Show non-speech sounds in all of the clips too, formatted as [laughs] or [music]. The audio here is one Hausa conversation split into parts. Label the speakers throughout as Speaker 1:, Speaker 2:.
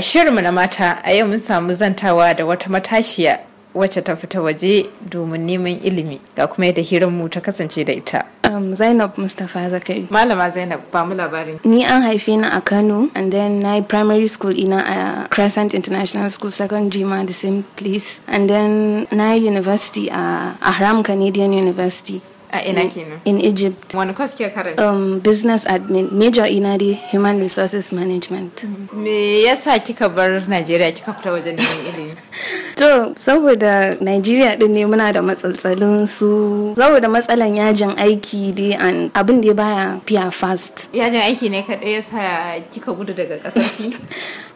Speaker 1: A shirinmu na mata a yau mun samu zantawa da wata matashiya wacce ta fita waje domin neman ilimi ga kuma yadda hiranmu ta kasance da ita.
Speaker 2: Um, Zainab Mustapha Zakari.
Speaker 1: Malama Zainab, ba mu labarin.
Speaker 2: Ni an haife ni a Kano and then na yi primary school ina a uh, Crescent International School, secondary ma the same place. And then na yi university a uh, Ahram Canadian University. a ina kenan in egypt wani course ke karanta um, business admin major ina dai human resources management mm. me yasa
Speaker 1: kika bar nigeria kika fita wajen neman [laughs] ilimi
Speaker 2: to saboda nigeria din ne muna da matsaltsalin su saboda matsalan yajin aiki dai an abin da baya fiya fast
Speaker 1: yajin aiki ne kaɗai yasa kika gudu daga kasar ki [laughs]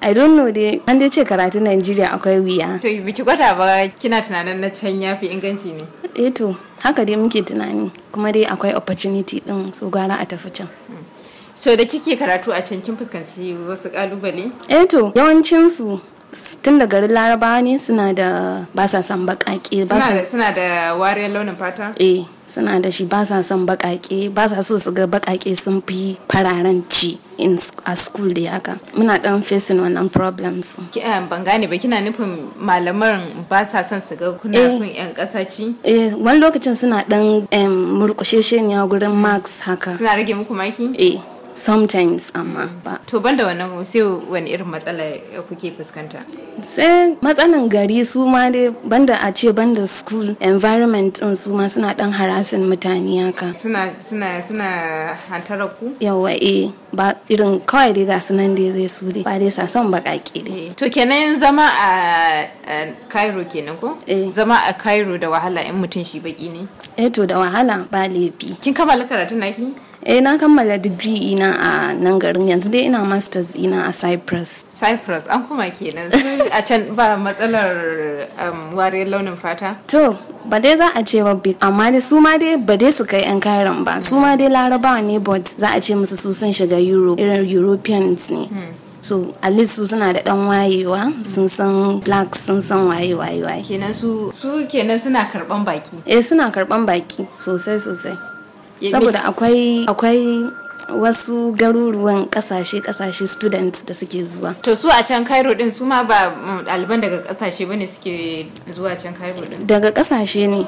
Speaker 2: I don't know dai an dai ce karatun Najeriya akwai wuya. To
Speaker 1: biki gwada ba kina tunanin na can ya fi inganci ne.
Speaker 2: eto eh haka dai muke tunani kuma dai akwai opportunity din su gara a tafi can
Speaker 1: so da kike karatu a can kin fuskanci wasu kalubale
Speaker 2: eto eh to yawancin su tun da garin larabawa ne suna da ba sa san suna
Speaker 1: da wariyar launin fata eh suna da
Speaker 2: shi ba sa son bakake ba sa so su ga bakake sun fi fararen ci in a school da yaka muna dan facing wannan problems eh, ban gane ba kina nufin malaman ba sa son su ga kuna eh. kun yan kasa ci eh wani lokacin suna dan murkushe shi ne gurin marks haka suna rage muku
Speaker 1: maki eh
Speaker 2: sometimes amma ba
Speaker 1: to banda wannan sai wani irin matsala kuke fuskanta
Speaker 2: sai matsalan gari su ma dai banda a ce banda school environment din su ma suna dan harasin mutane haka suna suna suna hantarar ku yawa eh ba irin kawai dai ga sunan dai zai su dai ba dai sasan bakaki dai eh,
Speaker 1: to kenan zama a Cairo kenan ko eh. zama a Cairo da
Speaker 2: wahala in mutum shi baki ne eh to da wahala ba laifi kin kammala karatun naki eh na kammala digiri ina a nan garin yanzu dai ina masters ina a cyprus cyprus
Speaker 1: an kuma kenan su a can ba matsalar um, wariyar launin fata
Speaker 2: to ba dai za a ce wa bit amma dai su ma dai ba dai su kai yan kairan ba su ma dai larabawa ne but za a ce musu su sun shiga euro irin europeans ne hmm. so at least su suna da dan wayewa sun san black sun san waye waye waye kenan su su kenan suna
Speaker 1: karban baki
Speaker 2: eh suna karban baki sosai sosai saboda akwai akwai wasu garuruwan kasashe kasashe students da suke zuwa
Speaker 1: to su a can cairo din su ma ba mm, ɗaliban daga kasashe bane suke zuwa can cairo din
Speaker 2: daga kasashe ne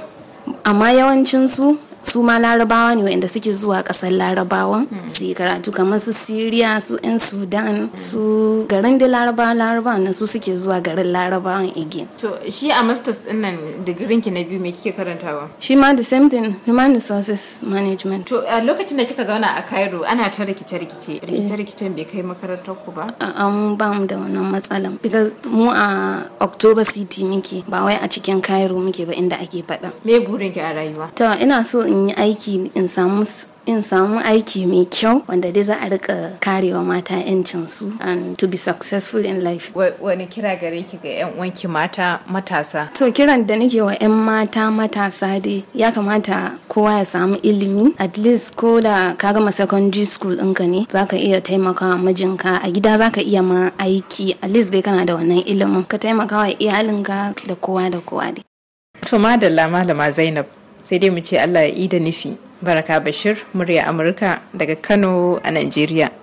Speaker 2: amma yawancin su su ma larabawa ne wa'anda suke zuwa kasar larabawan hmm. su yi karatu kamar su syria su yan sudan hmm. su garin da larabawa larabawa nan su suke zuwa garin larabawan igin to shi a masters din nan digirin ki na biyu me kike karantawa shi ma the same thing human resources management to a lokacin da kika zauna a cairo ana ta rikice rikice eh. rikice rikicen bai kai makarantar ku ba a'a mu ba mu da wannan matsalan because mu a october city muke ba wai a cikin cairo muke ba inda ake faɗa me burin ki a rayuwa to ina so in in yi aiki in samu aiki mai kyau wanda dai za a rika karewa mata yancinsu and to be successful in life. Wani kira gare ki ga 'yan wanki mata matasa? To kiran da nake wa 'yan mata matasa dai ya kamata kowa ya samu ilimi at least ko da ka gama secondary school ɗinka ne za ka iya taimakawa mijinka a gida za ka iya ma aiki at least dai kana da wannan ilimin ka taimakawa iyalinka da kowa da kowa dai. To madalla
Speaker 1: malama Zainab sai dai mu ce Allah ya yi da nufi baraka bashir murya amurka daga kano a najeriya